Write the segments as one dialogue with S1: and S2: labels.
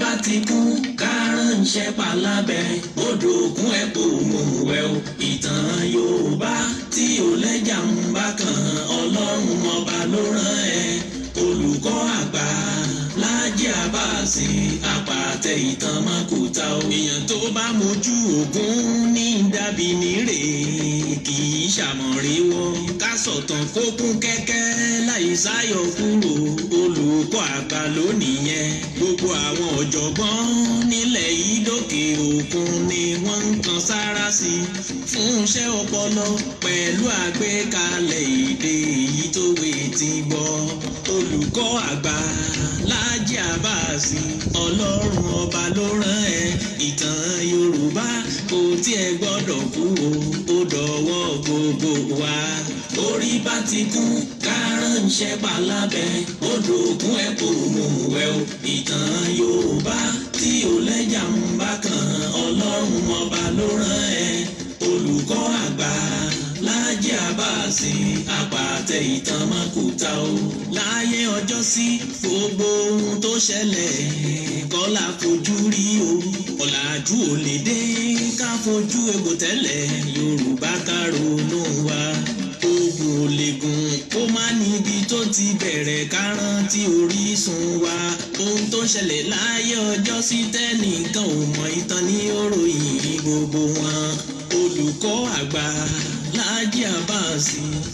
S1: bá ti kú kárànṣẹ́ palábẹ́ odò òkun ẹ̀pọ̀ òmùwẹ̀ o ìtàn Yorùbá tí ò lẹ́jà ń bá kan ọlọ́run ọba ló rán ẹ olùkọ́ àgbà wáàsí apàtẹ ìtàn mọ́kúta o. èèyàn tó bá mojú ògún ní dàbí nírè kì í ṣàmọ̀rí wọn. ká sọ̀tàn kó kún kẹ́kẹ́ láì sáyọ̀ kúrò olùkọ́ àgbà lónìyẹn. gbogbo àwọn ọ̀jọ̀gbọ́n nílẹ̀ yìí dókè òkun ni wọ́n ń kan sára sí i fún iṣẹ́ ọpọlọ pẹ̀lú àgbékalẹ̀ èdè èyí tó wé ti gbọ́ olùkọ́ àgbà Láàjì Abbas wáàsí ọlọ́run ọba ló rán ẹ ìtàn yorùbá kò tiẹ̀ gbọ́dọ̀ kú o ó dọ̀wọ́ gbogbo wa orí bá ti kú kárànṣẹ́ palábẹ́ odò òkun ẹ̀ kò mú wẹ̀ o ìtàn yorùbá tí ò lẹ́jà ń bá kan ọlọ́run ọba ló rán ẹ olùkọ́ àgbà àbá sí àpàtẹ ìtàn mọ́kúta o. láyé ọjọ́ sí gbogbo ohun tó ṣẹlẹ̀ kọ́lá fojú rí o. ọ̀làjú ò lè dé ká fojú egbò tẹ́lẹ̀ yorùbá ká ronú wa. ogun ò lè gùn kó má níbi tó ti bẹ̀rẹ̀ ká rántí orísun wa. ohun tó ṣẹlẹ̀ láyé ọjọ́ sí tẹ́nìkan ò mọ ìtàn ní oròyìn gbogbo wọn. olùkọ́ àgbà alhaji abbas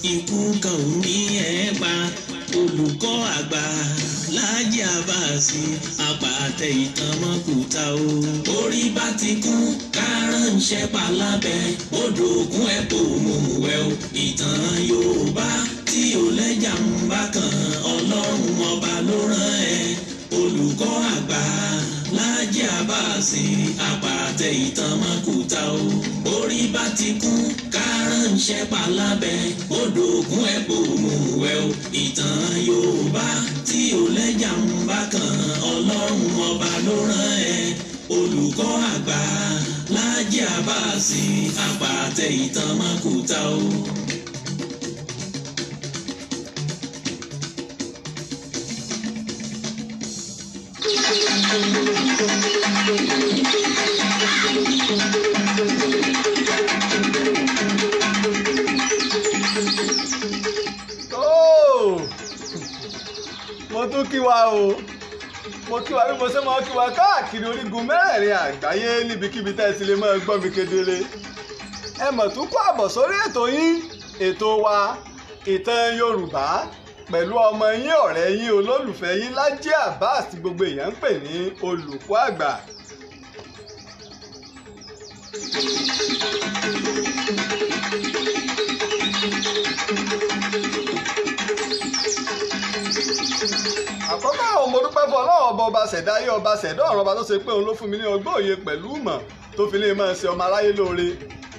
S1: ikú kan ò ní ẹ pa olùkọ́ àgbà alhaji abbas apàtẹ ìtàn mọ́kúta o. orí bá ti kú kárán ń ṣẹ́pà lábẹ́ odò ògùn ẹ̀ kò mú wẹ̀ o ìtàn yorùbá tí ò lẹ́jà ń bá kan ọlọ́run ọba ló rán ẹ olùkọ́ àgbà Láàjì Àbáàsì àpàtẹ ìtàn mọ́kúta o orí bá ti kú ká ń ṣẹ́pà lábẹ́ odò ògùn ẹ̀pọ̀ òmùwẹ̀ o ìtàn Yorùbá tí ò lẹ́jà ń bá kan Ọlọ́run ọba ló rán ẹ olùkọ́ àgbà Láàjì Àbáàsì àpàtẹ ìtàn mọ́kúta o.
S2: Thank you. tún kí wa o mo kí wa bí mo ṣe máa kí wa káàkiri orígun mẹ́rẹ̀ẹ̀rin àgbáyé níbikíbi tẹ́ ẹ ti lè máa gbọ́ mi kedere ẹ mọ̀ tún kó àbọ̀ sórí ètò yín ètò wa ìtàn Yorùbá pẹ̀lú ọmọ yín ọ̀rẹ́ yín olólùfẹ́ yín Lájí Abbas tí gbogbo èèyàn ń pè ní olùkọ́ àgbà. ọba ọba ṣẹ̀dá ayé ọba ṣẹ̀dá ọ̀rọ̀ ọba tó ṣe pé òun ló fún mi ní ọgbọ́n òye pẹ̀lú ìmọ̀ tó fi lè máa ṣe ọmọ aráyé lóore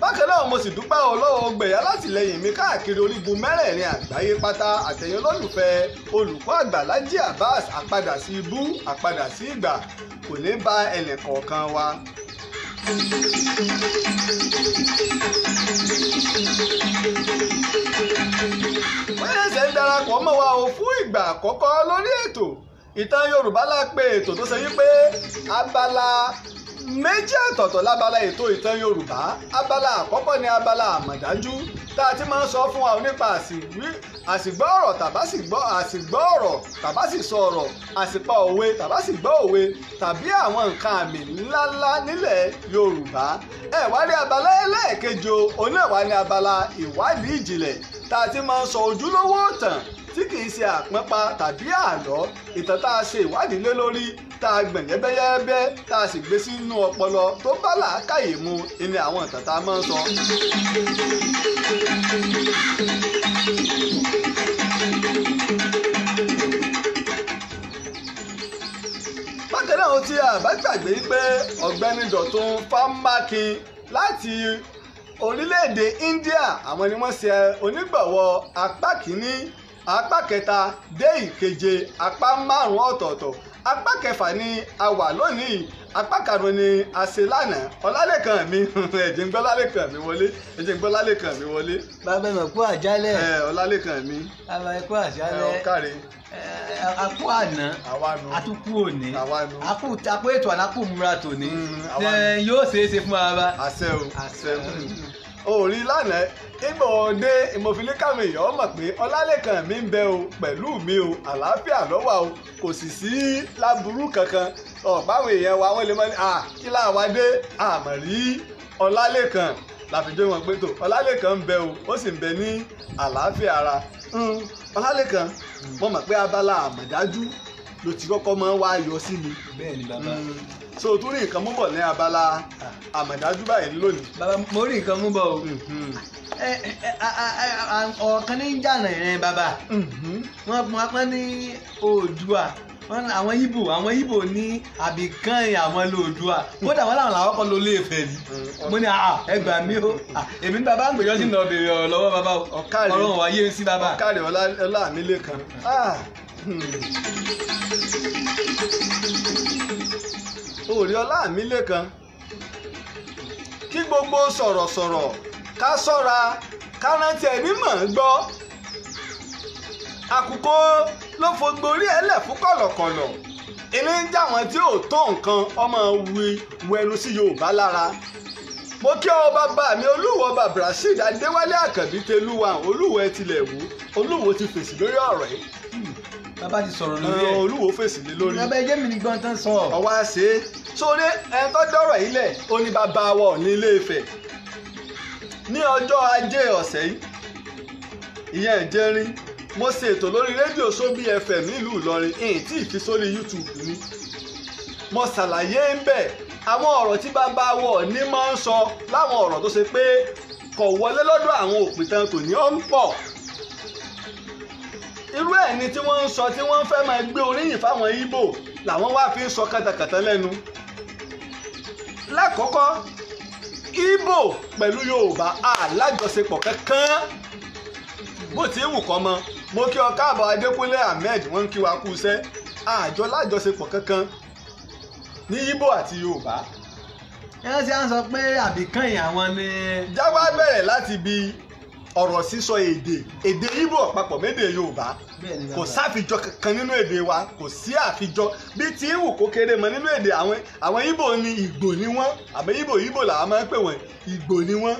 S2: bákan náà mo sì dúpẹ́ ọlọ́wọ́ gbẹ̀yà látìlẹ́yìn mi káàkiri orígun mẹ́rẹ̀ẹ̀rin àgbáyé pátá àtẹ̀yìn olólùfẹ́ olùkọ́ àgbà Lájí Abbas àpadà sí ibú àpadà sí ìgbà kò ní bá ẹnì kọ̀ọ̀kan wa. wọ́n ṣẹ̀ṣẹ̀ ń darapọ̀ mọ́ wa ò fún ìgbà àkọ́kọ́ lórí ètò ìtàn yorùbá la pè ètò tó ṣe wípé abala méjì àtọ̀tọ̀ lábala ètò ìtàn yorùbá abala àkọ́kọ́ ni abala àmọ̀dájú tá a ti máa ń sọ fún wa nípa àsìgbọ́ ọ̀rọ̀ tàbá sì gbọ́ àsìgbọ́ ọ̀rọ̀ tàbá sì sọ ọ̀rọ̀ àsìpa òwe tàbá sì gbọ́ òwe tàbí àwọn nǹkan àmì ńláńlá nílẹ̀ yorùbá ẹ wá rí abala ẹlẹ́ẹ̀kejì oníwà ni abala ìwádìí ìjìnlẹ̀ tá a ti máa ń sọ ojúlówó ìtàn tí kì í ṣe àpọ́npa tàbí àlọ́ ìtàn tá a ṣe ìwádìí lé lórí tá a gbẹ̀yẹ́ bẹ́yẹ́bẹ́ tá a sì gbé sínú ọpọlọ tó bá làákàyè mu ni àwọn ìtàn tá a máa ń sọ. bákan náà tí a bá gbàgbé pé ọ̀gbẹ́ni Dọ̀tun Fámákin láti orílẹ̀-èdè India àwọn ni wọ́n ṣe onígbọ̀wọ́ apá kìíní apá kẹta dé ìkeje apá márùn-ún ọ̀tọ̀ọ̀tọ̀ apá kẹfà ni a wà lónìí apá karùn-ún ni a ṣe lánàá ọlálẹ́kàn mi ẹ̀jẹ̀ ń gbọ́ lálẹ́kàn mi wọlé ẹ̀jẹ̀ ń gbọ́ lálẹ́kàn mi wọlé. bàbá mi kú àjálẹ̀. ẹ ọlálẹ́kàn mi. bàbá mi kú àjálẹ̀. ẹ ọkàrẹ. a kú àná a tún kú òní a kú ètò àná kú múra tòní mm, yóò ṣeé ṣe fún wa. àṣẹ o àṣẹ o ò rí lánàá ìmọ̀ òde ìmọ̀fìlíkàmì ìyá ọmọ pé ọlálẹ́kan mi ń bẹ o pẹ̀lú mi o àlàáfíà lọ́wọ́ o kò sì sí láburú kankan ọ̀báwọn èèyàn wa wọ́n lè mọ́ ní à kí láwa dé àmọ̀ rí ọlálẹ́kan láfijọ́ wọn pé tó ọlálẹ́kan ń bẹ o ó sì ń bẹ ní àlàáfíà ara hmm, ọlálẹ́kan mo mọ̀ pé abala àmọ̀dájú ló ti kọ́kọ́ máa ń wá yọ sí mi. bẹ́ẹ̀ ni so tún rí nǹkan mú bọ̀ ní abala àmọ̀dájú báyìí lónìí. bàbá mo rí nǹkan mú bọ̀ o mm-hmm. ọ̀kan ní jàǹdà yẹn bàbá mm-hmm. wọ́n pọ́n ní oòdùà àwọn ibo àwọn ibo ní àbíkán àwọn lòdùà kódà wọn làwọn làwọn kọ ló lè fẹ ní mo ní ẹ gbà mí o èmi bàbá ń gbèjọ́ sí ní ọbẹ̀rẹ̀ ọ̀rọ̀ lọ́wọ́ bàbá o ọlọ́run wa yé sí bàbá. ọ̀kàrẹ̀ ọlá mi lè òrí ọlámilẹ́kan kí gbogbo sọ̀rọ̀sọ̀rọ̀ ká sọ́ra ká rántí ẹni mọ̀ ń gbọ́ àkùkọ ló fogbo orí ẹlẹ̀ fún kọ̀lọ̀kọ̀lọ̀ ìní ń jà wọ́n tí ò tó nǹkan ọmọ wí wẹnu sí Yorùbá lára mo kí ọ bàbá mi olúwo bàbá Rasheed Adéwálé Àkànbí tẹlúwa olúwo ẹ tilẹ̀ wú olúwo ti fèsì lórí ọ̀rọ̀ yìí bàbá ti sọ̀rọ̀ lórí ẹ̀ olúwo fèsì lé lórí bàbá ẹjẹ́ mi ni gan tán sọ. ọwọ́ àṣẹ sórí ẹni tó dọ̀rọ̀ yìí lẹ̀ ó ní bàbá wọ̀ ní ilé Ifẹ̀ ní ọjọ́ ajé ọ̀sẹ̀ yìí ìyẹn ìjẹrin mo ṣe ètò lórí rédíò sóbí FM nílùú Ìlọrin èyí tí sórí YouTube mi mo ṣàlàyé ń bẹ̀ àwọn ọ̀rọ̀ tí bàbá wọ̀ ní máa ń sọ láwọn ọ̀rọ̀ tó ṣe pé kò wọlé lọ́dọ̀ àwọn òpìtàn tòní ó ń pọ̀ irú ẹ̀ ni tí wọ́n ń sọ tí wọ́n fẹ́ máa gbé oríyìn fáwọn Ìgbò làwọn wá fi ń sọ kàtàkàtà lẹ́nu lákọ̀ọ́kọ́ Ìgbò pẹ̀lú Yorùbá alájọṣepọ̀ kankan bó ti wù kọ́ mọ mo kí ọ káàbọ̀ Adékúnlé Ahmed wọ́n ń kí wa kú iṣẹ́ àjọ lájọṣepọ̀ kankan ní Ìgbò àti Yorùbá ẹ ṣe à ń sọ pé àbíkàn ìyàwó ni. jáwá bẹ̀rẹ̀ láti bi ọ̀rọ̀ sísọ èdè èdè Ìgbò papọ̀ méde Yorùbá kò sáfijọ kankan nínú èdè wa kò sí àfijọ bí ti ìwù kó kéré mọ nínú èdè àwọn àwọn Ibo ni Ìgbò ni wọ́n àmọ́ Ibo Ibo làwọn máa ń pè wọ́n Ìgbò ni wọ́n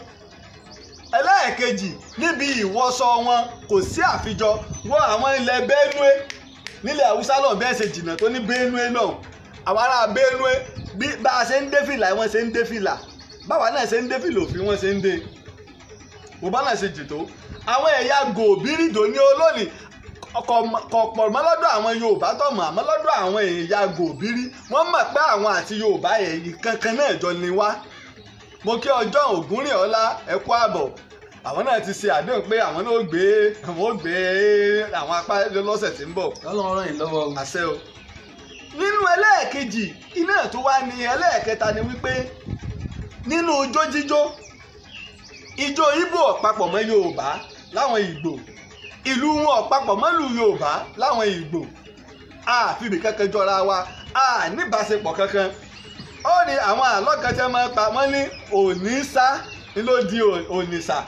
S2: ẹlẹ́ẹ̀kejì níbi ìwọṣọ wọn kò sí àfijọ wọ́n àwọn ilẹ̀ Benue nílẹ̀ Haúsá náà bẹ́ẹ̀ ṣe jìnnà tó ní Benue náà àwọn ará Benue bí bá a ṣe ń dé fìlà wọn ṣe ń dé fìlà báwa náà ṣe ń dé fìlà òfin wọn ṣe ń dé wò bá náà ṣe jì tó àwọn ẹ̀yà gòbírìdò ní olónìí kọ̀pọ̀ mọ́ lọ́dọ̀ àwọn yorùbá tó mọ̀ àmọ́ lọ́dọ̀ àwọn ẹ̀yà gòbírí wọ́n mọ̀ pé àwọn àti yorùbá ẹ̀yìn kankan náà jọ ni wá mo kí ọjọ́ ògúnrìn ọlá ẹ kú àbọ̀ àwọn náà ti ṣe àdéhùn pé àwọn náà gbé àwọn ó gbé àwọn apá lọ́sẹ̀ tí ń bọ̀. ọlọ́run ràn yín lọ́wọ́ o. àṣẹ o. nínú ẹlẹ́ẹ̀kejì iná tó wá ní ẹlẹ́ẹ̀kẹta ni wípé nínú jójíjó ìjọ Ìgbò ọ̀pápọ̀ mọ́ Yorùbá láwọn Ìgbò ìlú wọn ọ̀pápọ̀ mọ́lù Yorùbá láwọn Ìgbò àfibì kankan jọra wa àníbàṣepọ̀ kankan ó ní àwọn àlọ́ kan tí wọ́n pa wọ́n ní òníṣà ló di ònìṣà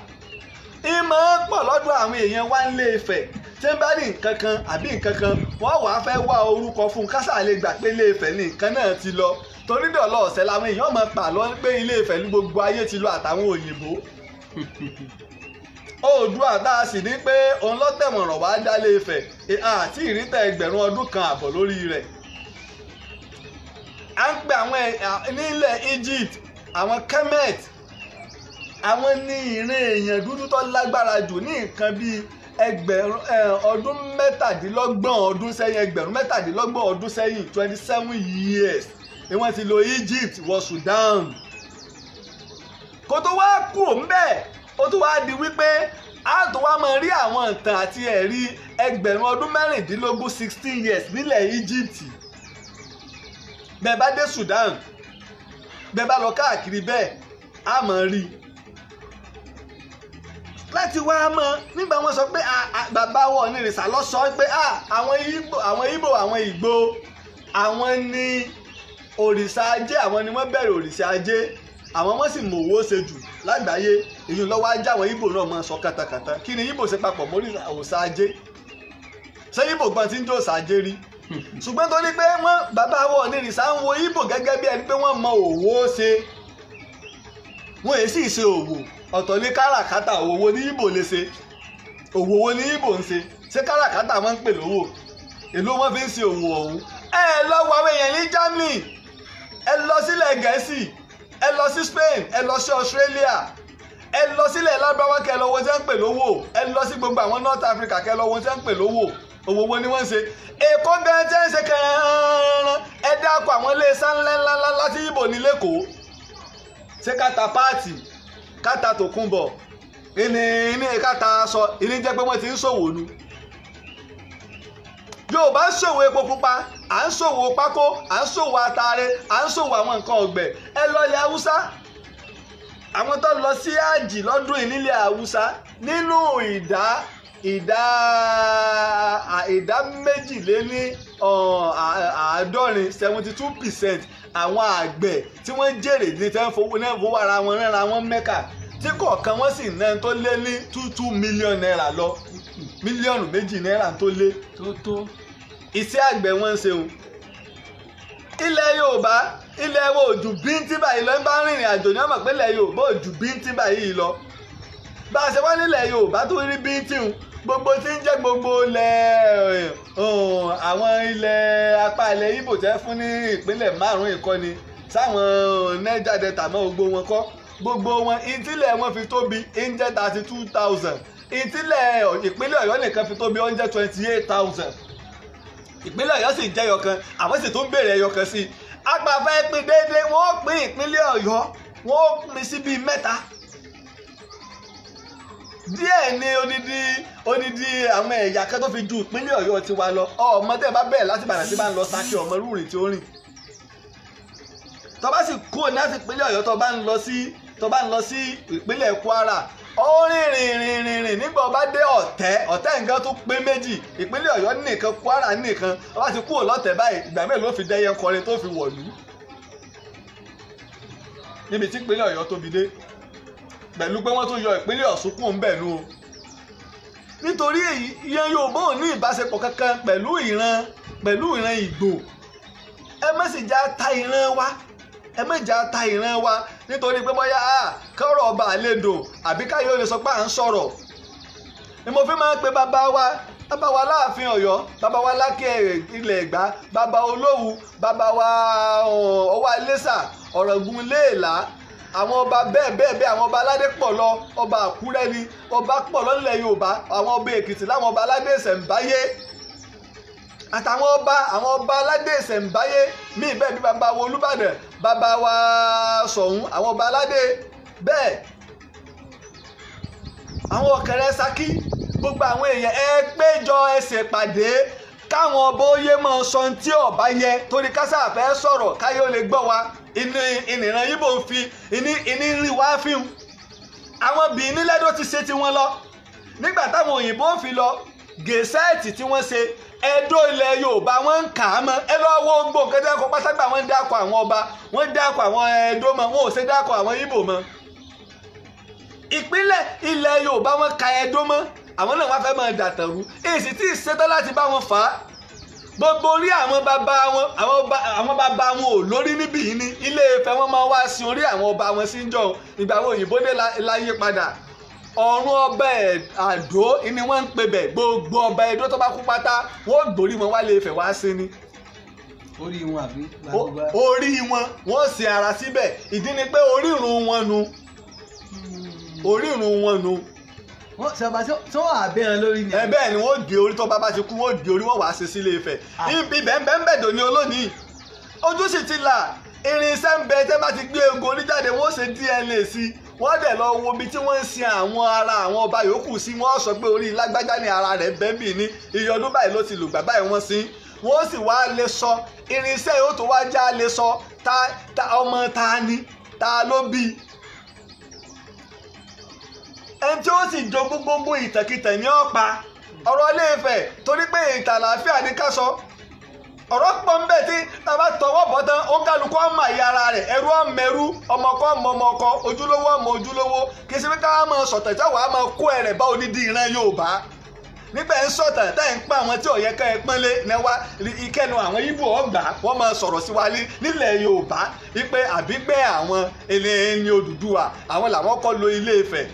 S2: ìmọ̀ pọ̀ lọ́dọ̀ àwọn èèyàn wá ń lé Ifẹ̀ tí ń bá ní nǹkan kan àbí nǹkan kan wọ́n wàá fẹ́ wá orúkọ fún un kásà lè gbà pé ilé Ifẹ̀ ni nǹkan náà ti lọ torí dọ̀lọ́ ọ̀sẹ̀ làwọn èèyàn máa pa lọ pé ilé Ifẹ̀ ní gbogbo ayé ti lọ àtàwọn òyìnbó oòdùà tá a sì ní pé òun lọ́tẹ̀mọ̀ràn wá dálé Ifẹ̀ àti ìrítà ẹgbẹ̀rún ọdún kan àbọ̀ lórí rẹ̀ à ń pe àwọn nílẹ̀ Egypt àwọn kemet àwọn ní ìrìn èèyàn dúdú tó lágbára jù ní nǹkan bíi ẹgbẹ̀rún ọdún mẹ́tàdínlọ́gbọ̀n ọdún sẹ́yìn ẹgbẹ̀rún mẹ́tàdínlọ́gbọ̀n ọdún sẹ́yìn twenty seven years ni wọ́n ti lò Egypt wọ Sudan kó tó wá kú òun bẹ́ẹ̀ ó tún wá di wípé a tó wá máa rí àwọn ìtàn àti ẹ̀rí ẹgbẹ̀rún ọdún mẹ́rìndínlógún sixteen years nílẹ̀ Egypt bẹ́ẹ̀ bá dé Sudan bẹ́ẹ̀ bá lọ káàkiri bẹ́ẹ̀ a máa rí i láti wá mọ nígbà wọn sọ pé bàbá wọn ní ìrìnsà lọ sọ pé àwọn Ibo àwọn Ìgbò àwọn ni òrìṣà ajé àwọn ni wọn bẹ̀rẹ̀ òrìṣà ajé àwọn ọmọ sì mọ̀wó ṣe jù lágbàáyé èyí lọ́wọ́ ajá àwọn Ìgbò náà máa sọ katakata kí ni Ìgbò ṣe papọ̀ mórí òòṣà ajé ṣé Ìgbò gbọ́n ti ń jó òòṣà ajé rí ṣùgbọ́n tó ní pé wọ́n bàbá wọn ní ìrìnsà ń wo Ìgbò gẹ́gẹ́ bí ẹni pé wọ́n mọ òwò ṣe wọ́n èyí sì ṣe òwò ọ̀tọ̀ ní káràkátà òwò ní Ìgbò lè ṣe òwò wo ní Ìgbò ń ṣe ṣé káràkátà wọ́n ń pè lówó èló wọ́n fi ń ṣe òwò ọ̀hún ẹ lọ ẹ lọ sí Spain ẹ lọ sí Australia ẹ lọ sílẹ̀ lábáwá kẹ lọ wọn tí wọ́n ń pè lówó ẹ lọ sí gbogbo àwọn North Africa kẹ lọ wọn tí wọ́n ń pè lówó owó wo ni wọ́n ń ṣe èkó bẹ́ẹ̀ tí ń ṣe kẹ́ẹ̀ẹ́rán ẹ dákọ̀ àwọn ilé iṣẹ́ ńláńlá láti Ìbò ní lẹ́kọ̀ọ́ ṣé káta páàtì káta tòkunbọ̀ ìní ìní káta sọ ìní jẹ́ pé wọ́n ti ń ṣòwò nu yorùbá ń ṣòwò epo pupa à ń ṣòwò pákó à ń ṣòwò ataare à ń ṣòwò àwọn nǹkan ọ̀gbẹ̀ ẹ lọ ilẹ̀ haúsá àwọn tó lọ sí àjì lọ́dún yìí nílẹ̀ haúsá nínú ìdá ìdá ìdá méjìléní àádọ́rin seventy two percent àwọn àgbẹ̀ tí wọ́n jèrè ní tẹ́ fowó náà fowó ara wọn rẹ́ra wọn mẹ́ka tí kọ̀ọ̀kan wọ́n sì ná tó lé ní two two million naira lọ mílíọ̀nù méjì náírà tó lé. tó tó iṣẹ́ àgbẹ̀ wọn ń ṣeun ilẹ̀ Yorùbá ilẹ̀ wo òjù bíntín báyìí lọ ń bá rìnrìn àjò ní ọmọ pé ilẹ̀ Yorùbá òjù bíntín báyìí lọ bá a ṣe wá nílẹ̀ Yorùbá tó rí bíntín gbogbo tí ń jẹ́ gbogbo ilẹ̀ eh, àwọn ilẹ̀ apá ilẹ̀ Ìgbò tẹ́ fún ní ìpínlẹ̀ márùn-ún ìkọ́ni sáwọn Niger Delta mọ́ gbogbo wọn kọ́ gbogbo wọn ìtílẹ̀ wọn fi tóbi ń jẹ́ thirty two thousand ìtílẹ̀ ìpínlẹ̀ Ọ̀yọ́ nìkan fi tóbi ó ń twenty eight thousand ìpínlẹ̀ ọ̀yọ́ sì jẹ́ ẹyọkan àwọn sì tún béèrè ẹyọkan sí i agbàfẹ́ pín déédéé wọ́n pín ìpínlẹ̀ ọ̀yọ́ wọ́n pín sí bíi mẹ́ta díẹ̀ ni odidi odidi àwọn ẹ̀yà kan tó fi ju ìpínlẹ̀ ọ̀yọ́ tiwa lọ ọmọ tẹ́ ẹ bá bẹ̀rẹ̀ láti bàrà tí bá ń lọ sákì ọmọ rúurì tí ó rìn tó bá sì kúrò láti ìpínlẹ̀ ọ̀yọ́ tó bá ń lọ sí tó bá ń lọ sí ìpínlẹ̀ kwara ó rìn rìn rìn rìn rìn nígbà ọba dé ọ̀tẹ́ ọ̀tẹ́ nǹkan tó pé méjì ìpínlẹ̀ ọ̀yọ́ nìkan kwara nìkan ọba ti kúrò lọ́tẹ̀ báyìí ìgbà mẹ́rin ló fi dẹ́yẹ kọrin tó fi wọ̀lú níbi tí ìpínlẹ̀ ọ̀yọ́ tóbi dé pẹ̀lú pé wọ́n tún yọ ìpínlẹ̀ ọ̀ṣun kúrò ń bẹ̀ nú o nítorí èyí iye yorùbá ò ní ìbáṣepọ̀ kankan pẹ̀lú ìran pẹ̀lú ìran ìgbò ẹ má sì ta ìran wa ẹ mẹ́jà ta ìran wa nítorí pé bóyá kọ́rọ̀ ọba àlejò àbí káyọ̀ lè sọ pé à ń sọ̀rọ̀ ni mo fi máa ń pe bàbá wa bàbá wa láàfin Ọ̀yọ́ bàbá wa lákè ilẹ̀ Ẹ̀gbá bàbá Olówu bàbá wa Ọwá Iléṣà Ọ̀ràngún Léèlà àwọn ọba bẹ́ẹ̀ bẹ́ẹ̀ bẹ́ẹ̀ àwọn ọba aládé pọ̀ lọ ọba Àkúrẹ́ ọba pọ̀ lọ Yorùbá àwọn ọba Èkìtì láwọn ọba aládé ìṣẹ̀ǹbáyé àtàwọn ọba àwọn ọba aládé ìṣẹ̀ǹbáyé míì bẹ́ẹ̀ bí baba wa olúbàdàn baba wa ṣọ̀ún àwọn ọba aládé bẹ́ẹ̀ àwọn ọ̀kẹ́rẹ́ saki gbogbo àwọn èèyàn ẹ péjọ ẹsẹ̀ pàdé káwọn ọba oyè mọ sọ tí ọba yẹ torí kásá fẹ́ sọ̀rọ̀ káyé ó lè gbọ́ wa ìnìran yìí bò ń fi ìní rí wá fíhùn àwọn bìíní lẹ́dọ̀ ti ṣe tiwọn lọ nígbà táwọn òyìnbó fi lọ gẹ̀ẹ́sẹ̀tì tí wọ́n ṣe ẹ̀dọ́ ilẹ̀ yorùbá wọ́n ń kà á mọ́ ẹ lọ́ọ́ wo gbogbo nǹkan tẹ́kọ̀ pátágbà wọ́n ń dákọ̀ àwọn ọba wọ́n ń dákọ̀ àwọn ẹ̀dọ́ mọ́ wọn ò ṣe dákọ̀ àwọn ìbò mọ́ ìpínlẹ̀ ilẹ̀ yorùbá wọ́n ka ẹ̀dọ́ mọ́ àwọn náà wọ́n fẹ́ máa dàtàrú èsì tí ì ṣetán láti bá wọn fà á gbogbo orí àwọn bàbá wọn àwọn bàbá wọn ò lórí níbí yìí ní ilé Ifẹ̀ wọn máa wá sí orí àwọn ọba wọn sí ń jọ ìgbà wo òyìnbó dé láyé padà ọ̀run ọba àdó ni wọ́n ń pe bẹ̀ gbogbo ọba Ẹdó tó bá kú pátá wọ́n gbórí wọn wálé Ifẹ̀ wá sí ni orí wọn àbí orí wọn wọ́n sì ara síbẹ̀ ìdí ni pé orírun wọn nu orírun wọn nu wọ́n sábà tí wọ́n àbẹ́ hàn lórí ni. ẹ bẹ́ẹ̀ ni wọ́n di orí tó bàbá ti kú wọ́n di orí wọ́n wàá ṣe sílé Ifẹ̀ ah. ibi bẹ́ẹ̀ ń bẹ̀dọ̀ ni olónìí ojú sì ti là irinṣẹ́ ń bẹ tẹ́ bá ti gbé egun orí jáde wọ́n ṣe DNA sí i wọ́n dẹ̀ lọ wo ibi tí wọ́n ń sin àwọn ara àwọn ọba yòókù sí wọ́n sọ pé orí lágbájá ni ara rẹ̀ bẹ́ẹ̀ ni, ní iye ọdún báyìí ló ti lùgbà báyìí wọ́n sin wọ́n sì wá lè sọ irinṣẹ́ yóò tó wá já lè sọ ta ọmọ ta ni ta ló bí ẹni tí ó sì jogún gbogbo ìtàkìtàn ní ọ̀pá ọ̀rọ̀ Ilé Ifẹ̀ torí pé ìtàlàáfíà ni ká sọ ọ̀rọ̀ pọ̀ ń bẹ tí tàbá tọwọ́ bọ̀ tán ó kálukú ọmọ ìyá ara rẹ̀ ẹrú ọmọẹrú ọmọkọ ọmọ ọmọkọ ojúlówó ọmọ ojúlówó kì í ṣe pé ká máa sọ̀tàn tí àwọn á máa kó ẹ̀rẹ̀ bá onídìí ìran Yorùbá nígbà ń sọ̀tàn táyì ń pa àwọn tí ọ̀yẹ́ ká ẹ pọ́nlé nẹ́wá ìkẹnu àwọn Ìgbò ọ̀gbà wọ́n máa sọ̀rọ̀ sí wa nílẹ̀ Yorùbá wípé àbígbẹ́ àwọn ẹni Odùduwà àwọn làwọn kọ́ lo Ilé Ifẹ̀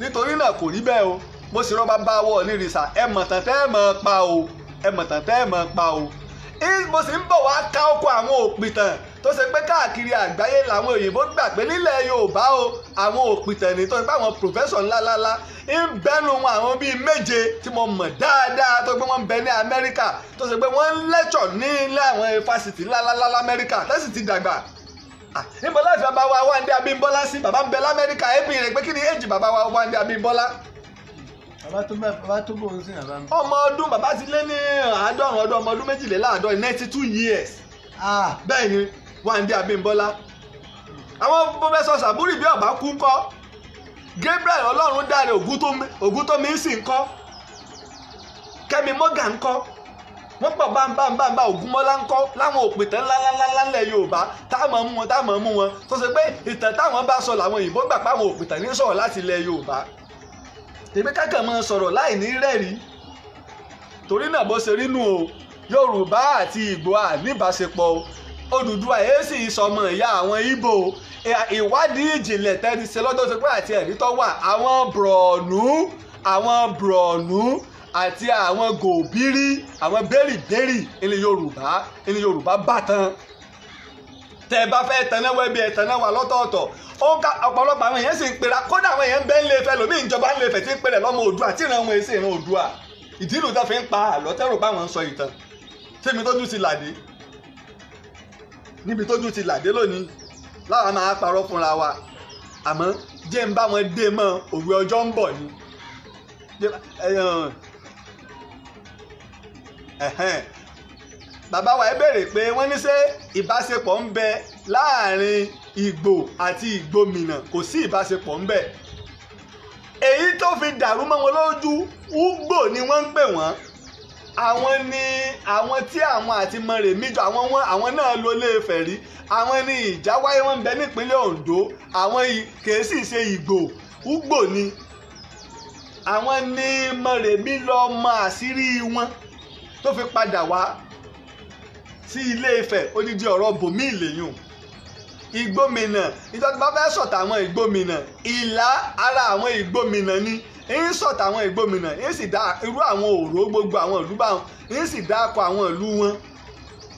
S2: nítorí náà kò rí bẹ́ẹ̀ o mo sì rọ́ bá bá wọ̀ ní mọ̀tàn tẹ́ ẹ mọ̀ pa o ẹ mọ̀tàn tẹ́ ẹ mọ̀ pa o mo sì ń bọ̀ wá ká ọkọ̀ àwọn òpìtàn tó ṣe pé káàkiri àgbáyé làwọn òyìnbó gbà pé nílẹ̀ Yorùbá o àwọn òpìtàn ní tó ṣe pé àwọn pòfẹ́sọ̀ ńláńlá ń bẹ́nu wọn àwọn bíi méje tí mo mọ̀ dáadáa tó pé wọ́n ń bẹ ní Amẹ́ríkà tó ṣe pé wọ́n ń lẹ́tọ̀ ní ilé àwọn fásitì ńláńlá l'Amẹ́ríkà tẹ́sì ti dàgbà níbo láti bàbá wa Wándé Abímbọ́lá sí bàbá ń bẹ l'Amẹ́ríkà ẹ̀bí bàbá tó bàbá tó bò ń sìn bàbá mi. ọmọ ọdún bàbá ti lé ní àádọ́rùn ọdún ọmọ ọdún méjìléláàádọ́rin ninety two years. bẹ́ẹ̀ ni Wándé Abímbọ́lá àwọn pọfẹsọ Sàbúrì bí ọba kú kọ́ Gabriel Ọlọ́run dáre ògún tó mi ń sìn kọ́ Kẹ́mi mọ́gà ń kọ́ wọ́n pọ̀ bámbámbámbá ògúnmọ́lá ńkọ́ láwọn òpìtàn ńláńláńlá ńlẹ̀ yorùbá táwọn mú wọn táwọn mú wọn tó ṣe pé ìtàn táwọn bá sọ làwọn òyìnbó gbà pé àwọn òpìtàn ní sọ̀rọ̀ láti ilẹ̀ yorùbá tèmi kákàn máa sọ̀rọ̀ láì ní rẹ́rìí torí náà bó ṣe rínú o yorùbá àti ìgbò à níbáṣepọ̀ o Odùduwà èyí sì sọmọ ìyá àwọn Ìgbò ìwádìí ìjìnlẹ̀ tẹ́ni ṣe lọ́dọ̀ tó pé àti ẹ̀rí tó wà àwọn bùrọ̀nù àwọn bùrọ̀nù àti àwọn gòbírí àwọn bẹ́rìbẹ́rì ilẹ̀ yorùbá ilẹ̀ yorùbá bàtàn tẹ ẹ bá fẹ́ tẹ̀lé wẹ́bí ẹ tẹ̀lé wà lọ́tọ̀ọ̀tọ̀ ọ̀pọ̀lọpọ̀ àwọn èèyàn sì ń pera kódà àwọn èèyàn bẹ́ẹ̀ ń lè fẹ́ lómi ìjọba ń lè fẹ́ tí ń pẹ̀lẹ̀ lọ́mọ Oòduà tí ìran wọn èsì ìran Oòduà ìdílù tó fi ń pa àlọ́ tẹ́rù bá wọn sọ ìtàn tèmi tójú ti làdé níbi tójú ti làdé lónìí láwa máa parọ́ fúnra wa àmọ́ jẹ́ ń bá wọn dé mọ́ òwe ọjọ́ ń bọ̀ ni bàbá wa ẹ béèrè pé wọ́n ní ṣé ìbáṣepọ̀ ń bẹ láàrin ìgbò àti ìgbòmìnà kò sí ìbáṣepọ̀ ń bẹ èyí tó fi dàrú mọ́ wọn lójú Ugbo ni wọ́n ń pè wọ́n àwọn ni àwọn tí àwọn àti mọ̀rẹ̀mí jọ àwọn wọn àwọn náà ló lè rí àwọn ni ìjáwáyé wọn ń bẹ nípínlẹ̀ Ondo àwọn kìí sì ṣe ìgbò Ugbo ni àwọn ni mọ̀rẹ̀mí lọ́ọ́ mọ àṣírí wọn tó fi padà wá sí ilé Ifẹ̀ odidi ọ̀rọ̀ bòmíì lèyùn ìgbómìnà ìjọba bá fẹ́ sọ̀tà àwọn ìgbómìnà ìlà ara àwọn ìgbómìnà ni ń sọ̀tà àwọn ìgbómìnà ń sì dá irú àwọn òró gbogbo àwọn ìlú bá wọn ń sì dáko àwọn ìlú wọn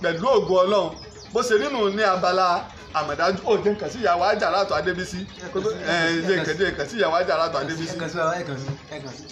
S2: pẹ̀lú ògo Ọlọ́run bó ṣe nínú ní abala àmọ̀dájú ó jẹ́ nǹkan sí ìyàwó ajára àtọ̀ adébísí ẹ jẹ́ nǹkan jẹ́ nǹkan sí ìyàwó ajára àtọ̀ adébísí.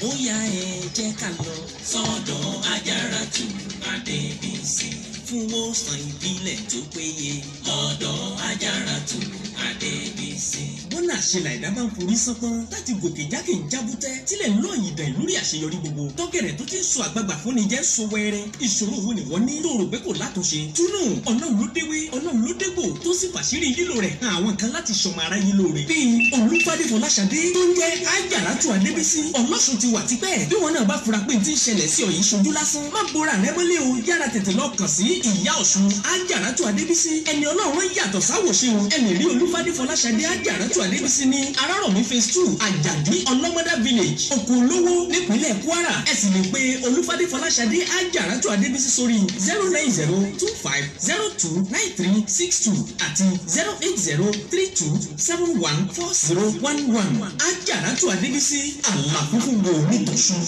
S1: ó yá ẹ jẹ́ ká lọ sọ́dọ̀ ajára tù adébísí fún òsàn ìbílẹ̀ tó péye lọ́dọ̀ Ajaratu. Adébísí. bọ́lá àṣelà ẹ̀dá máa ń forí sánpọ́n láti gòkè jákè ń jábútẹ́ tílẹ̀ ń lọ ìdàn ìlúrí àṣeyọrí gbogbo tọ́kẹ̀rẹ̀ tó ti ń sọ àgbààgbà fún ni jẹ́ so wẹ́rẹ́ ìṣòro wo ni wọ́n ní tó rò pé kò látúnṣe túnú ọlọ́run ló déwé ọlọ́run ló dégbò tó sì fàṣírí lílo rẹ̀ hàn àwọn kan láti ṣọmọ ara yín lóore bíi olúfadé fọláṣadé tó ń jẹ́ ajaratu adébísí ọlọ́sùn ti wà tipẹ́ bí wọn náà bá fura pé ti ń ṣẹlẹ̀ sí ọ̀yìn ṣojú lásán má bora rẹ mọ́lẹ̀ o yára tètè lọ kàn sí ìyá ọ̀ṣun ajaratu adébísí ẹni ọlọ́run yàtọ̀ sáwòṣe o ẹni rí olú olúfadé fọláṣadé ajaratu adébísí ní arárọ̀mí phase two àjàdí ọlọ́mọdá village oko olówó nípínlẹ̀ kwara ẹ sì lè pe olúfadé fọláṣadé ajaratu adébísí sórí zero nine zero two five zero two nine three six two àti zero eight zero three two seven one four zero one one ajaratu adébísí àlàkùkù wo ní tọ̀sùn.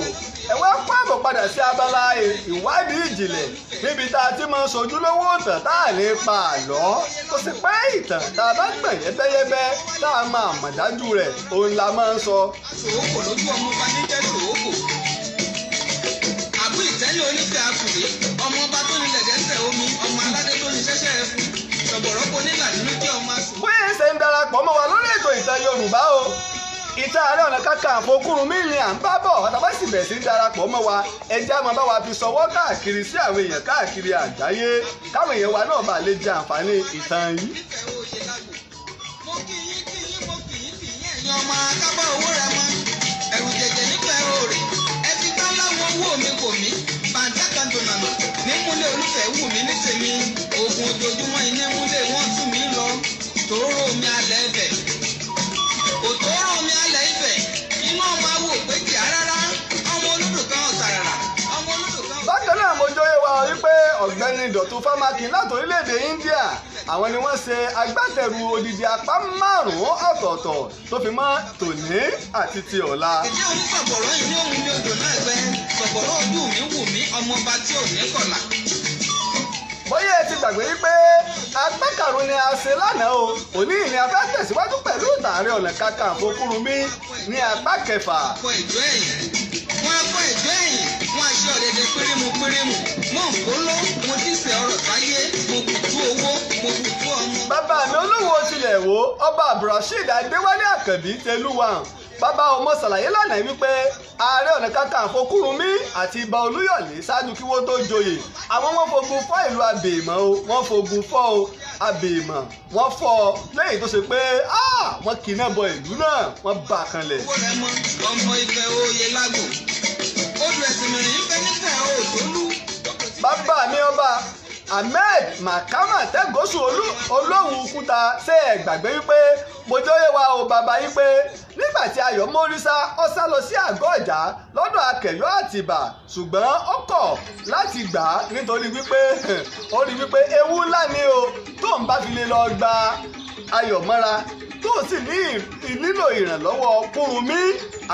S2: ẹ wá pààbọ̀ padà sí abala ìwádìí ìjìnlẹ̀ níbi tá a ti máa ń sojúlówó ìtàn tá a lè pa àlọ́ tó sì pé ìtàn tá a bá gbọ̀n yẹ́bẹ́yẹ́bẹ́ tá a máa mọ̀ dájú rẹ̀ òun la máa ń sọ. sòwòkò lójú
S3: ọmọ ọba ní jẹ́ sòwòkò àbú ìtẹ́lẹ̀ onífẹ́ àkùrẹ́ ọmọ ọba tó ní lẹ̀dẹ́sẹ̀ omi ọmọ aládé tó ní sẹ́sẹ̀ ẹ̀fù ṣọ̀bọ̀rọ̀ kò ní
S2: ìta ààrẹ ọ̀nà kakanfò Ògúnrúnmí ni à ń bá bọ̀ ọ̀tàbá sì bẹ̀ sí ń darapọ̀ mọ́ wa ẹjẹ́ àmọ́ bá wa fi sọwọ́ káàkiri sí àwọn èèyàn káàkiri àgbáyé káwọn èèyàn wa náà bá lè jẹ àǹfààní ìtàn yìí.
S3: ọmọ wù mí ní
S2: ọ̀gbẹ́ni dọ̀tún fámákì láti orílẹ̀-èdè India àwọn ni wọ́n ṣe agbátẹrù odidi apá márùn-ún ọ̀tọ̀ọ̀tọ̀ tó fi mọ́ tòní àti ti ọ̀la. ìyá òun
S3: kọ̀bọ̀rọ̀ ìní òun ni odò náà gbẹ kọ̀bọ̀rọ̀ ojú mi wù mí ọmọọba tí ò ní kọ̀là
S2: bóyá ẹ ti gbàgbé wípé apá karùn ni a ṣe lánàá o òní ni a fẹ́ tẹ̀síwájú pẹ̀lú ìtàn Ààrẹ Ọ̀nà Kakanfò Kúrúnmí ní apá kẹfà.
S3: ọ̀pọ̀ pérému pérému mò ń
S2: gbóló mo díṣẹ́ ọ̀rọ̀ táyé mo kù tú owó mo kù tú ọmọ. bàbá mi olówó tilẹ̀ wo ọba abdulrasheed adéwálé àkànbí tẹlúwà bàbá ọmọ ṣàlàyé lánàá wípé ààrẹ ọ̀nà kakanfò kúrúnmí àti ibà olúyọ̀lé ṣáájú kí wọ́n tó joyè àwọn wọn fogun fọ́ ìlú abèèmọ̀ o wọ́n fogun fọ́ o abèèmọ̀ wọ́n fọ́ ọ lẹ́yìn tó ṣe pé wọ́n kì í náà bọ ìlú náà wọ́n bá a ọmọ ìfẹ́ òye lágùn bàbá mi ọba ahmed makama gosu olóhùn òkúta ṣe é gbàgbé wípé mojóyè wa o bàbá yìí pé nígbà tí ayọ̀ mórísà ó sá lọ sí àgọ́ ọ̀já lọ́dọ̀ akẹ̀yọ́ àtìbà ṣùgbọ́n ó kọ̀ láti gbà á nítorí wípé ó rí wípé ewu ńlá ni o tó ń bá fi lè lọ gba ayọ̀ mọ́ra tó sì ní nílò ìrànlọ́wọ́ kúrúmí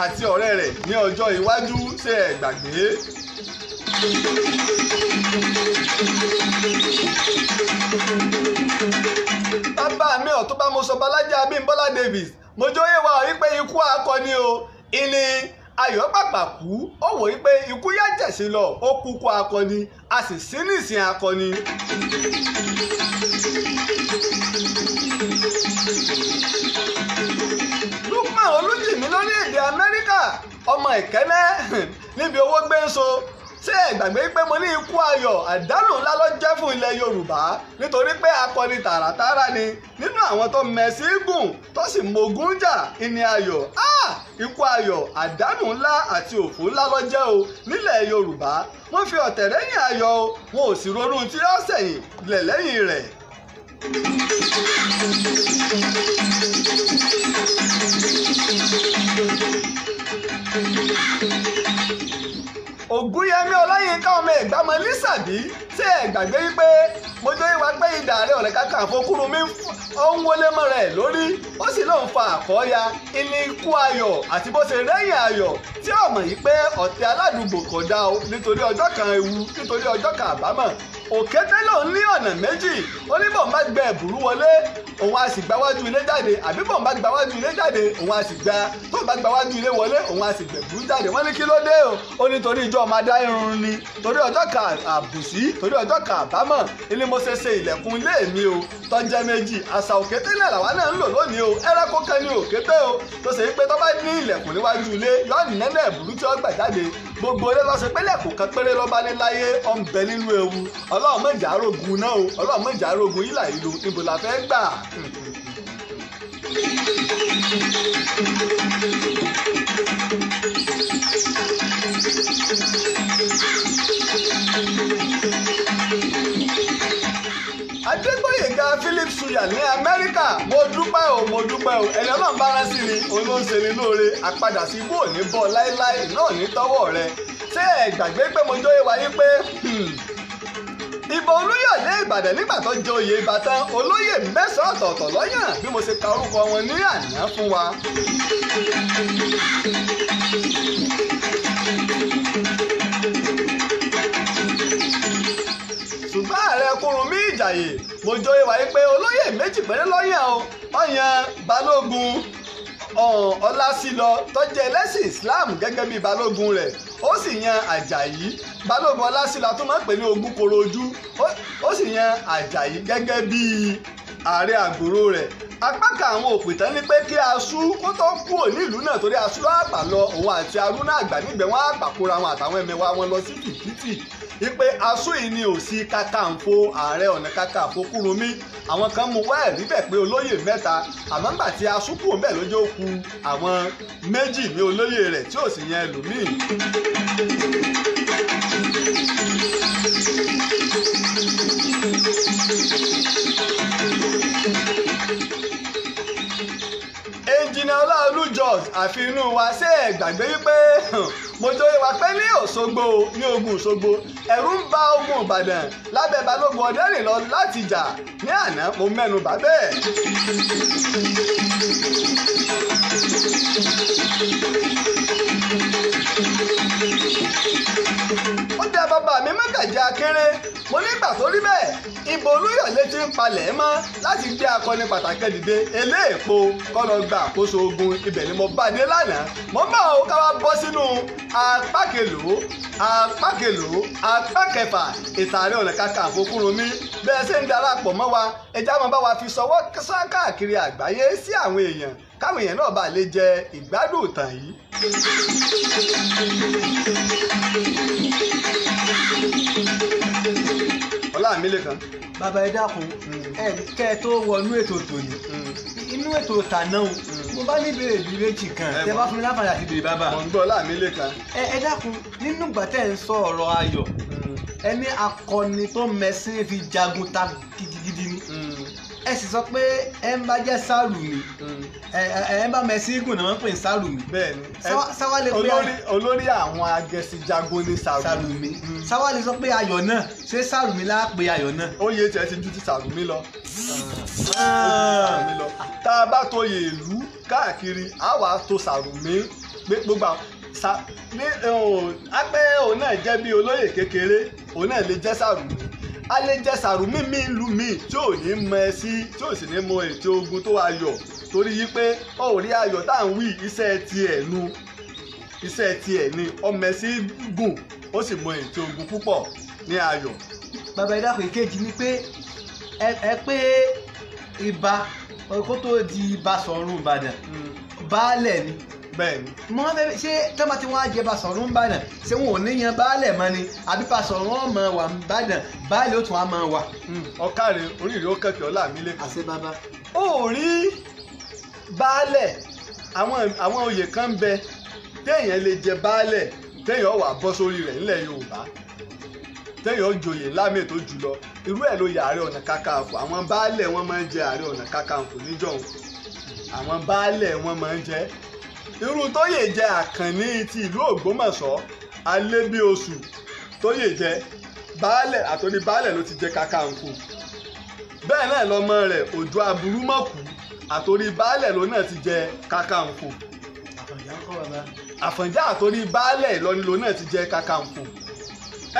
S2: àti ọ̀rẹ́ rẹ̀ ní ọjọ́ iwájú ṣe é gbàgbé. Thank you bá mi ọ̀ tó bá mo sọ bọ́lájà Abímbọ́lá Davis mo jóyè wa wípé ikú akọni o ìní ayọ̀ pàpà kú ó wò wípé ikú yá jẹ̀sí lọ ó kú kú akọni a sì sí nísìn akọni. Lukman Olújìmí lórílẹ̀‐èdè Amẹ́ríkà ọmọ ìkẹ́lẹ́ níbi owó gbé ń so ṣé ẹ gbàgbé pé mo ní ikú ayọ̀ àdánù ńlá ló jẹ́ fún ilẹ̀ yorùbá nítorí pé akọni tààràtààrà ni nínú àwọn tó mẹ̀sí gùn tó sì mogun jà ìní ayọ̀ ah! ikú ayọ̀ àdánù ńlá àti òfò ńlá ló jẹ́ o nílẹ̀ yorùbá wọ́n fi ọ̀tẹ̀ lẹ́yìn ayọ̀ o wọn ò sì ronú tí ó sẹ̀yìn lẹ̀ lẹ́yìn rẹ̀. Thank you ògúnyẹmí ọláyínká ọmọ ẹ̀gbámọ lísàbí tí ẹ gbàgbé wípé mojú yín wá pé ìdá rẹ ọ̀rẹ́ kàkà àfọkúrúmí ó ń wọlé mọ́ rẹ̀ lórí ó sì lóun fa àkọ́ya ìní ikú ayọ̀ àti bó ṣe rẹ́yìn ayọ̀ tí ọmọ yìí pé ọ̀tẹ̀ aládùúgbò kọjá o nítorí ọjọ́ kan ewu nítorí ọjọ́ kan àbámọ̀ òkété lòun ní ọ̀nà méjì ó ní bòun bá gba ẹ̀bùrú wọlé òun á sì gba wájú ilé jáde àbí bòun bá gba wájú ilé jáde òun á sì gba tóun bá gba wájú ilé wọlé òun á sì gbẹ̀bùrú jáde wọ́n ní kí ló dé o ó ní torí ìjọ ọmọ adá irun ni torí ọjọ́ kan àbùsí torí ọjọ́ kan àbámọ̀ ilé mo ṣe ṣe ilẹ̀kùn ilé mi o tọ́jẹ́ méjì àṣà òkété náà làwa náà ń lò lónìí o ẹranko kan ni òkété o tó ṣe é pé tó bá ní ilẹ̀kùn níwájú ilé yọ̀ọ́ nìyẹn ẹ̀bùrú tí wọ́n gbà jáde gbogbo ilé lọ́sẹ̀ pẹ́lẹ́kùn kan péré lọ́ba ní láyé ọ̀nbẹ nínú ewu ọlọ́run mẹ́jà arógun náà o ọlọ́run mẹ́jà arógun yìí là ìlú níbo la fẹ́ gbà. Thank you adégbòyèga philip suya ní amẹ́ríkà mo dúpẹ́ o mo dúpẹ́ o ẹni ọlọ́run bá rán sí ni òun ló ń ṣe ni lóore àpadà sí ibú òní bọ́ láéláé náà ní tọ́wọ́ rẹ ṣé ẹ gbàgbé pé mo jóye wáyé pé hmm, ìbò olóyèlé ìbàdàn nígbà tó jẹ oyè ìbátan olóyè mẹ́sàn-án ọ̀tọ̀ọ̀tọ̀ lọ́yàn bí mo ṣe ka orúkọ wọn ní àná fún wa. Kúrúnmí Ìjàyè mo jọyè wáyé pé olóyè méjì péré lọ́yàn o ọ̀yàn balógun ọ̀làsílọ tó jẹ́ ẹlẹ́sìn Islam gẹ́gẹ́ bí balógun rẹ̀ ó sì yan Àjàyí balógun ọlásílọ tó máa ń pè ní Ògúnkorójú ó sì yan Àjàyí gẹ́gẹ́ bí ààrẹ àgbòrò rẹ̀ apá kan àwọn òpìtàn ní pé kí aṣú kó tó kú ò nílùú náà torí aṣú àgbà lọ òun àti arúnà àgbà nígbẹ̀ wọn àgbà kóra wọn àtàwọn ẹ̀mẹ̀wà wọn lọ sí kìkìtì wípé asúyìí ni ò sí kákàǹfò ààrẹ ọ̀nà kákàǹfò kúrúnmí àwọn kan mú wá ẹ̀rí bẹ̀ pé olóyè mẹ́ta àmọ́ ńgbà tí asúkù ń bẹ̀ lójó ku àwọn méjì ní olóyè rẹ̀ tí ò sì yẹn ẹlòmíì. Thank you. Ìkìnnà Ọláolú George àfihàn wa ṣe é gbàgbé wípé mo jọyè wa pé ní Òṣogbo ní ogun Òṣogbo ẹ̀rù ń ba ogun Ìbàdàn lábẹ́ Balógun Ọ̀dẹ́rìnlọ láti jà ní àná mo mẹ́nu bà bẹ́ẹ̀. Thank you. bàbá mi Mágàjí Akínré mo nígbà tó rí bẹ́ẹ̀ ìbò Olúyọ̀lé ti ń palẹ̀ mọ́ láti gbé akọni pàtàkì dìde eléèpo kọ́ gba àkóso ogun ibẹ̀ ni mo bá dé lánàá mo bá òun ká wá bọ́ sínú apá kelòó apá kelòó apá kẹfà ìsàrẹ̀ ọ̀nà Kakanfò Kúrunmí bẹ́ẹ̀ ṣe ń darapọ̀ mọ́ wa ẹja máa bá wa fi sọwọ́ káàkiri àgbáyé sí àwọn èèyàn káwọn èèyàn náà bá lè jẹ ìgbádùn ìtàn yìí ọlá mi lè kàn. bàbá ẹ dákun ẹ kẹ ẹ tó wọnú ètò tòní inú ètò tànáà mo bá ní béèrè bíi méjì kan tẹ bá fún mi láǹfààní àti béèrè bàbá. mo ń gbọ́ ọlá mi lè kàn. ẹ ẹ dákun nínú ìgbà tẹ́ ń sọ ọ̀rọ̀ ayọ̀ hmm. ẹni akọni tó mẹ́sìn fi jagun ta gidigidi ni. Hmm ẹ sì sọ pé ẹ ń bá jẹ́ sálùmí mm. ẹ ń bá mẹ́sì gùn náà wọ́n pè ní sálùmí. bẹ́ẹ̀ni sáwálé pé olórí àwọn agẹṣijago ní sálùmí. Mm. sáwálé sọ pé ayọ̀ náà ṣé sálùmí láà pé ayọ̀ náà. oyè tiẹ̀ ti ju ti sálùmí ah. lọ. tá a bá to oyè ìlú káàkiri a wà á to sálùmí gbogbo àwọn apẹ́ òun náà jẹ́ bí olóyè kékeré òun náà lè jẹ́ sálùmí a lè jẹ sàrù mímí ìlú tí ò ní mọ ẹ sí tí ò sì ní mọ ètò ogun tó ayọ̀ torí yí pé ọ ò rí ayọ̀ tá à ń wí iṣẹ́ tiẹ̀ nu iṣẹ́ tiẹ̀ ni ọmọ ẹ sí gùn ó sì mọ ètò ogun púpọ̀ ní ayọ̀. bàbá ìdáhùn ìkejì ni pé ẹ pé ibà kó tó di ibà sọ̀rùn Ìbàdàn hmm. baálẹ̀ ni bẹ́ẹ̀ni. mọ bẹbẹ ṣé tọ́ba tí wọ́n á jẹ Basọ̀rún Ìbàdàn ṣé wọn ò níyan baálẹ̀ mọ́ ni àbí Basọ̀rún ọmọ wa ń bàdàn baálẹ̀ ó tún á máa wà. Hmm, ọ̀kàrẹ̀ oríire ó kẹ̀kẹ́ ọ̀la mi lé. àṣẹ bàbá. ó rí baálẹ̀ àwọn oyè kan ń bẹ téèyàn lè jẹ baálẹ̀ téèyàn wà bọ́ sórí rẹ̀ nílẹ̀ Yorùbá téèyàn joyè lámì tó jùlọ irú ẹ̀ ló yà Ààrẹ Ọ̀nà Kakanfò àwọn baálẹ̀ wọn máa ń jẹ Ààrẹ Ọ̀nà Kakanfò níjọ́ àwọn baálẹ̀ wọn máa ń jẹ irú tóyè jẹ àkànní ti ìlú ògbómọ̀ṣọ́ alébíoṣù tóyè jẹ baálẹ̀ àtòní baálẹ̀ ló ti jẹ kàkàǹkù bẹ́ẹ̀ náà lọmọ rẹ̀ òjò aburú mọ̀kú àtòní baálẹ̀ ló náà ti jẹ kàkàǹkù àfọ̀njá àtòní baálẹ̀ ìlọrin ló náà ti jẹ kàkàǹkù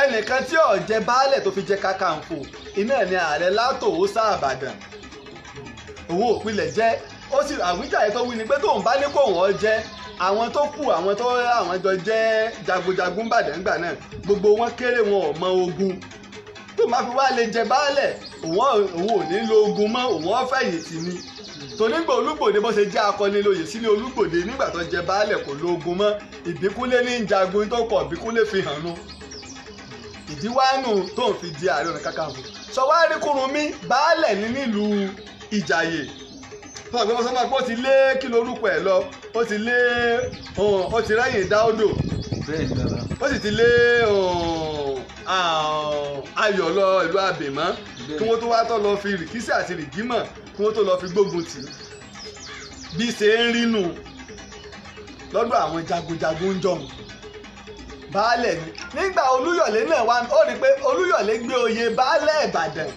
S2: ẹnìkan tí ò jẹ baálẹ̀ tó fi jẹ kàkàǹkù iná ni ààrẹ látòwó sáàbàdàn òun òpilẹ̀ jẹ́ ó sì àwíjàre tó wí ni pé tóun bá ní kó wọ́n jẹ́ àwọn tó kù àwọn tó àwọn jọ jẹ́ jagunjagun bàdàn gbà náà gbogbo wọn kéré wọn ò mọ ogun tó máa fi wá lè jẹ baálẹ̀ òun ò ní lo ogun mọ́ òun ò fẹ̀yìntì ni tonígbà olúgbòde bó ṣe jẹ́ akọni lóyè sílé olúgbòde nígbà tó jẹ baálẹ̀ kò lóògùn mọ́ ìbíkúnlé ní jagun tó kọ̀ ìbíkúnlé fi hàn nu ìdíwánu tó ń fi di ààrẹ ọ̀nà kakanfò sọ wá rí Kúrúnmí baálẹ̀ ní nílùú ìjàyè ọgbẹ́ wọn sọ ma ti lé kí lorúkọ ẹ̀ lọ ó ti lé ó ti ráyìn dáódò ó sì ti lé ayọ̀ lọ ìlú àbèmọ́ kí wọ́n tó wá tọ́ lọ fi rìkísí àti rìgímọ̀ kí wọ́n tó lọ fi gbógun tì bí ṣe ń rínú lọ́dọ̀ àwọn jagunjagun ń jọ̀hún baálẹ̀ ni nígbà olúyọ̀lé náà wá ó rí i pé olúyọ̀lé gbé oyè baálẹ̀ ìbàdàn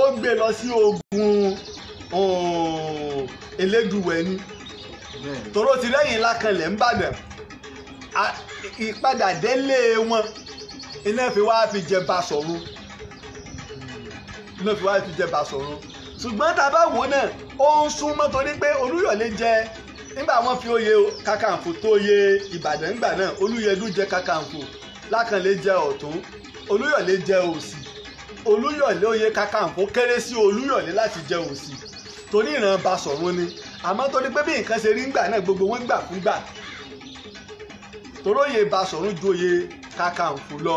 S2: ó gbé lọ sí ogun elédùwẹ̀ ni tòró ti rẹ́yìn lákànlẹ̀ ń bàdàn ìpadà délé wọn iná fi wá fi jẹ Basọ̀run iná fi wá fi jẹ Basọ̀run ṣùgbọ́n tá a bá wò náà ó ń súnmọ́ torí pé Olúyọ̀lé jẹ nígbà wọn fi oyè Kakanfò tó yẹ Ìbàdàn nígbà náà Olúyẹdùn jẹ Kakanfò Lákànlé jẹ ọ̀tún Olúyọ̀lé jẹ òsì Olúyọ̀lé oyè Kakanfò kéré sí Olúyọ̀lé láti jẹ òsì torí ìran ba sọ̀rọ̀ ni àmọ́ torí pé bí nǹkan ṣe rí ńgbà náà gbogbo wọn gbà fún gbà toróye ba sọ̀rọ̀ ju oyè kàkàǹfù lọ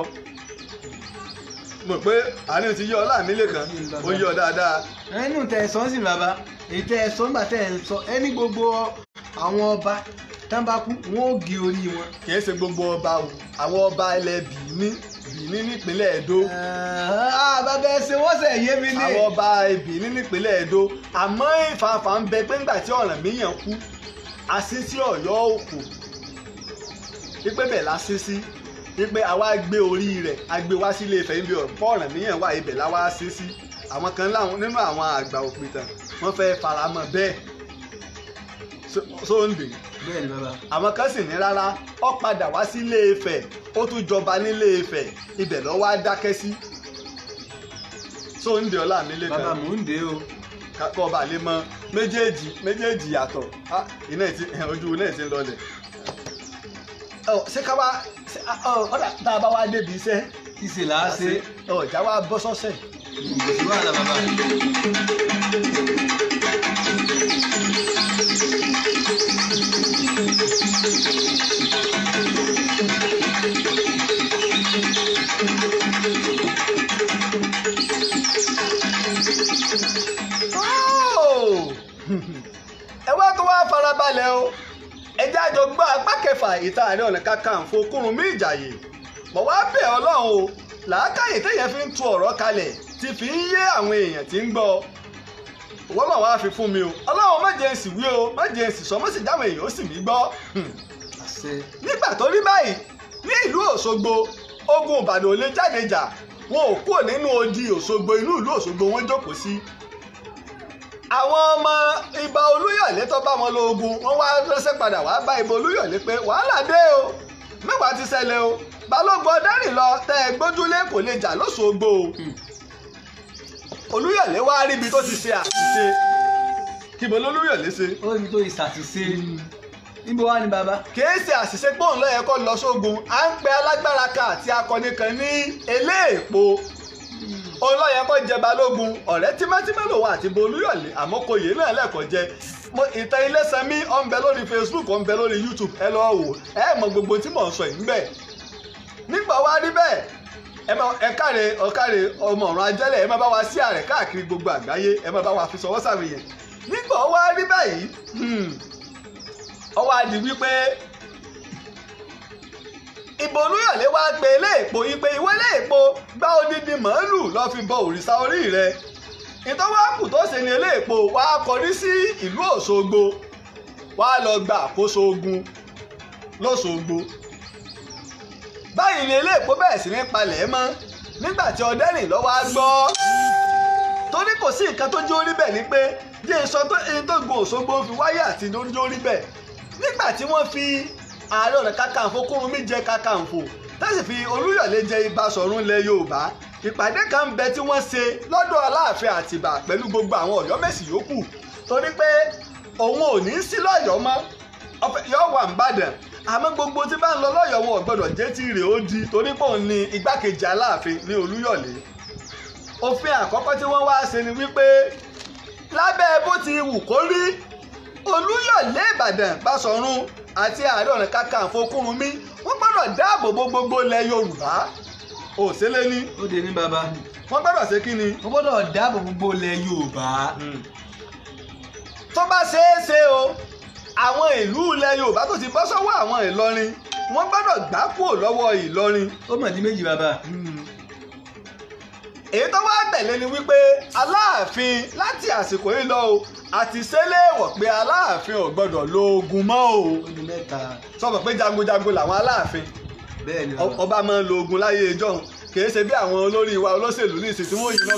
S2: mọ̀ pé àárín ti yọ ọlá mi lẹ́kan ó yọ dáadáa. ẹnu tẹ̀sán sì bàbá èyí tẹ̀sán gbà tẹ̀sán ẹni gbogbo àwọn ọba tán bá kú wọn ò gé orí wọn. kì í ṣe gbogbo ọba o àwọn ọba ilẹ̀ bìíní Benin nípínlẹ̀ Edo. Ah, bàbá ẹsẹ̀ wọ́n sẹ̀ yé mi ní. àwọn ọba Benin nípínlẹ̀ Edo àmọ́ ìfàǹfà ń bẹ pé ńgbà tí Ọ̀rànmíyàn kú àṣìṣe Ọ̀yọ́ òkú pípé bẹ̀ láṣìṣe pípé àwa gbé orí rẹ̀ àgbé wá sílé Ifẹ̀ níbi ọ̀pọ̀ Ọ̀rànmíyàn wà ibẹ̀ láwa ṣìṣe àwọn kan nínú àwọn àgbà òpìtàn wọ́n fẹ́ faramọ́ bẹ́ẹ̀ Sunday. bẹ́ẹ̀ni bàbá. àwọn kan sì ní rárá ó padà wá sí ilé Ifẹ̀ ó tún jọba nílé Ifẹ̀ ibẹ̀ ló wá dákẹ́ sí. Sunday ọlá mi lè kàn. bàbá mò ń dé o. kọ́ ọba lè mọ méjèèjì méjèèjì yàtọ̀ ah, iná ìtì ojú iná ìtì ń lọlẹ̀. Oh, ṣé ká wá ọ̀dà ah, oh, tá a bá wá débi iṣẹ́. ìṣèlà á ṣe. ọ̀jà oh, wa bọ́ sọ́sẹ̀. ìgbésí wà lábàbà. àlàyé tá a rí ọ̀nà kakanfò Kúrúnmí Ìjàyè mọ̀ wá bẹ̀ ọlọ́run o làákàyè téèyàn fi ń tu ọ̀rọ̀ kalẹ̀ ti fi ń yé àwọn èèyàn tí ń gbọ́ owó mà wá fi fún mi o ọlọ́run má jẹ́ èsì wí o má jẹ́ èsì sọ má dáwọn èèyàn ó sì mí gbọ́. Hmm. nígbà tó rí báyìí ní ìlú Òṣogbo ogun Ìbàdàn ò lè jáde jà wọn ò kúrò nínú odi Òṣogbo inú ìlú Òṣogbo wọn jókòó sí àwọn ọmọ ìbà olúyọ̀lé tó bá wọn lóògùn wọn wá ránṣẹ́ padà wá bá ìbà olúyọ̀lé pé wàhálà dé o mẹ́wàá ti ṣẹlẹ̀ o balógun ọ̀dẹ́rìn lọ tẹ ẹ gbójúlé kò lè jà lóṣogbo o hmm. olúyọ̀lé wá rí ibi tó ti ṣe àṣìṣe kìbọn lolúyọ̀lé ṣe. ó ní tó ìṣàṣìṣe níbo wá ni bàbá. kìí ṣe àṣìṣe pọ́ùn lọ́yẹ̀ kọ́ lọ sógun à ń pe alágbára kan àti akọni kan ní eléèpo ọlọ́yẹ̀kọ́ jẹ balógun ọ̀rẹ́ tímẹ́tímẹ́ lòun àti bolúyọ̀lé àmọ́kòyè náà lẹ́kọ̀ọ́ jẹ ìtàn ilé ó ń lórí Facebook ó lórí YouTube ẹ lọ́ọ́ wò ẹ mọ gbogbo tí mò ń sọ yìí nígbà wá rí ẹ káre ọmọ ẹ bá wa sí ààrẹ káàkiri gbogbo ìbò olúyọ̀lé wá pe iléèpo ipe ìwé iléèpo gba odidi màálù lọ́ọ́ fi bọ òrìṣà orí rẹ̀ ìtọ́wákù tó ṣe ni iléèpo wá kọrí sí ìlú òṣogbo wá lọ gba àkóso ogun lọ́ṣogbo báyìí ni iléèpo bẹ̀rẹ̀ sí ní palẹ̀ mọ́ nígbà tí ọdẹ́rìn lọ́wọ́ á gbọ́ torí kò sí nǹkan tó jó rí bẹ́ẹ̀ ni pé jẹ́ ìsọ tó gun Òṣogbo fi wáyé àti tó jó rí bẹ́ẹ̀ nígbà tí wọ́n fi ààrẹ ọ̀nà kakanfò kúrúnmí jẹ kakanfò tẹ́sí fi olúyọ̀lé jẹ ibà sọ̀rún ilẹ̀ yorùbá ìpàdé kan ń bẹ tí wọ́n ṣe lọ́dọ̀ aláàfin àtìbà pẹ̀lú gbogbo àwọn ọ̀yọ́mèsì yòókù torí pé òun ò ní sí lọ́yọ̀ọ́ mọ́ yóò wà nìbàdàn àmọ́ gbogbo tí bá ń lọ lọ́yọ̀ọ́ wọn ò gbọ́dọ̀ jẹ́ tí rè ó di torí pé òun ni igbákejì aláàfin ní olúyọ̀lé òfin àkọ́kọ́ tí wọ́n wá ṣe ni wípé lábẹ́ bó ti wù kó rí olúyọ̀lé ìbàdàn Basọ̀run àti ààrẹ ọ̀nà kakanfò Kúrúnmí wọ́n gbọ́dọ̀ dáàbò bo gbogbo ilẹ̀ Yorùbá òsèlè ní. ó de ní baba. wọ́n gbọ́dọ̀ ṣe kí ni. wọ́n gbọ́dọ̀ dáàbò gbogbo ilẹ̀ Yorùbá. Hmm. tó bá ṣeé ṣe o àwọn ìlú ilẹ̀ Yorùbá tó ti bọ́ sọ́wọ́ àwọn Ìlọrin wọ́n gbọ́dọ̀ gbà kúrò lọ́wọ́ Ìlọrin. ó mọ̀ ní méjì baba. Mm èyí tó wá tẹ̀lé ni wípé aláàfin láti àsìkò yìí lọ o àti sẹ́lẹ̀wọ̀ pé aláàfin ò gbọ́dọ̀ lo oògùn mọ́ o. ó mẹ́ta. sọ̀rọ̀ pé jagunjagun làwọn aláàfin. bẹ́ẹ̀ ni ọba máa ń lo oògùn láyé ìjọ́un kì í ṣe bí àwọn olórí wa olóṣèlú ní
S3: ìsìn tí wọ́n yìí lọ.